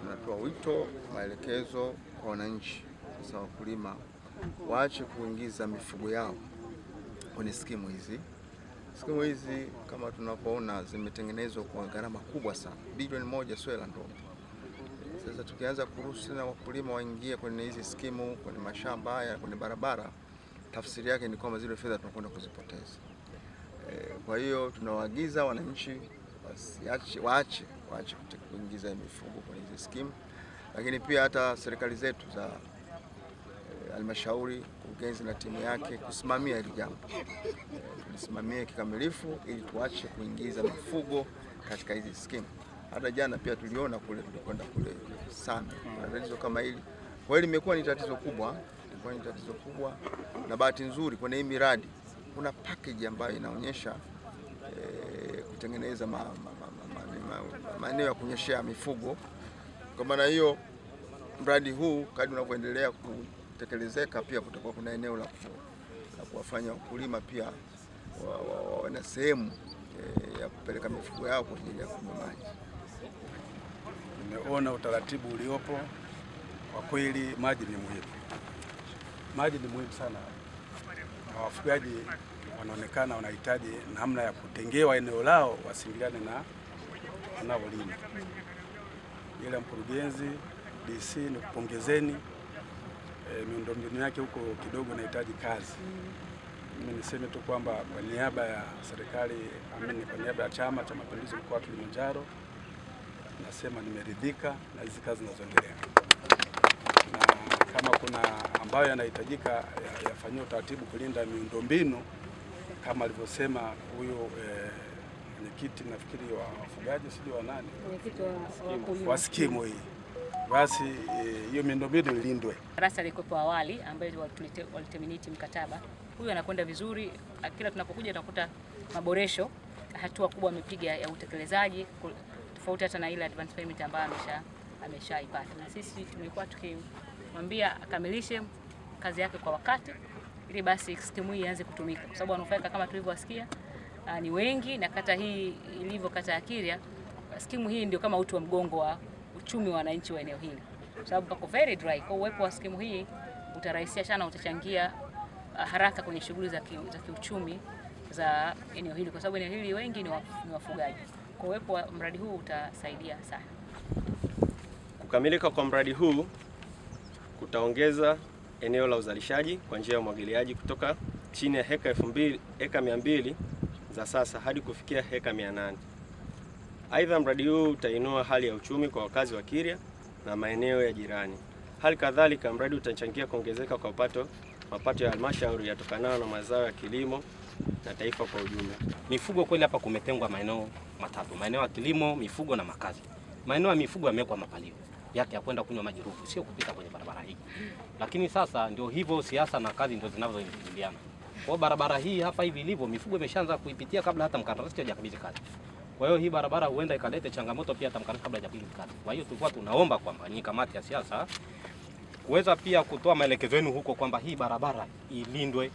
tunatoa wito, maelekezo kwa wananchi, sasa wakulima, waache kuingiza mifugo yao kwenye skimu hizi. Skimu hizi kama tunavyoona zimetengenezwa kwa gharama kubwa sana, bilioni moja sio la ndogo. Sasa tukianza kuruhusu na wakulima waingie kwenye hizi skimu, kwenye mashamba haya, kwenye barabara, tafsiri yake ni kwamba zile fedha tunakwenda kuzipoteza. E, kwa hiyo tunawaagiza wananchi wasiache, waache waache kuingiza mifugo kwenye hizi skimu, lakini pia hata serikali zetu za eh, halmashauri, mkurugenzi na timu yake kusimamia hili jambo, eh, tulisimamia kikamilifu ili tuache kuingiza mifugo katika hizi skimu. Hata jana pia tuliona kule, tulikwenda kule sana tatizo kama hili. Kwa hiyo limekuwa ni tatizo kubwa, ni tatizo kubwa, na bahati nzuri kwenye hii miradi kuna package ambayo inaonyesha e, kutengeneza maeneo ya kunyeshea mifugo. Kwa maana hiyo mradi huu kadri unavyoendelea kutekelezeka, pia kutakuwa kuna eneo la kuwafanya wakulima pia wana sehemu eh, ya kupeleka mifugo yao kwa ajili ya kunywa maji. Nimeona utaratibu uliopo, kwa kweli maji ni muhimu, maji ni muhimu sana na wafugaji wanaonekana wanahitaji namna ya kutengewa eneo lao wasingiliane na wanaolima. Ila mkurugenzi DC ni kupongezeni. E, miundombinu yake huko kidogo inahitaji kazi. Mimi niseme tu kwamba kwa niaba ya serikali amini, kwa niaba ya Chama cha Mapinduzi mkoa wa Kilimanjaro nasema nimeridhika na hizi kazi zinazoendelea, na kama kuna ambayo yanahitajika yafanyiwe utaratibu kulinda miundombinu kama alivyosema huyo eh, mwenyekiti nafikiri wa wafugaji sijui wa nani wa skimu hii basi eh, hiyo miundo miundombinu ilindwe. Rasa alikuwepo awali ambaye waliterminate mkataba huyu, anakwenda vizuri. Kila tunapokuja tunakuta maboresho, hatua kubwa amepiga ya utekelezaji, tofauti hata na ile advance payment ambayo amesha ameshaipata, na sisi tumekuwa tukimwambia akamilishe kazi yake kwa wakati nafikiri basi skimu hii ianze kutumika kwa sababu wanufaika kama tulivyowasikia ah, ni wengi, na kata hii ilivyo kata ya Kilya, skimu hii ndio kama uti wa mgongo wa uchumi wa wananchi wa eneo hili, kwa sababu pako very dry. Kwa uwepo wa skimu hii utarahisisha sana, utachangia ah, haraka kwenye shughuli za, ki, za kiuchumi za eneo hili, kwa sababu eneo hili wengi ni wafugaji. Kwa uwepo wa mradi huu utasaidia sana. Kukamilika kwa mradi huu kutaongeza eneo la uzalishaji kwa njia ya umwagiliaji kutoka chini ya heka 2000 heka 200 za sasa hadi kufikia heka 800. Aidha, mradi huu utainua hali ya uchumi kwa wakazi wa Kirya na maeneo ya jirani. Hali kadhalika mradi utachangia kuongezeka kwa upato, mapato ya halmashauri yatokanayo na mazao ya kilimo na taifa kwa ujumla. Mifugo kweli, hapa kumetengwa maeneo matatu: maeneo ya kilimo, mifugo na makazi. Maeneo ya mifugo yamewekwa mapalio yake ya kwenda kunywa maji ruvu, sio kupita kwenye barabara hii. Lakini sasa ndio hivyo, siasa na kazi ndio zinazoingiliana. Kwa barabara hii hapa hivi ilivyo, mifugo imeshaanza kuipitia kabla hata mkandarasi hajakabidhi kazi. Kwa hiyo hii barabara huenda ikalete changamoto pia hata mkandarasi kabla hajakabidhi kazi. Kwa hiyo tulikuwa tunaomba kwamba nyinyi kamati ya siasa kuweza pia kutoa maelekezo yenu huko kwamba hii barabara ilindwe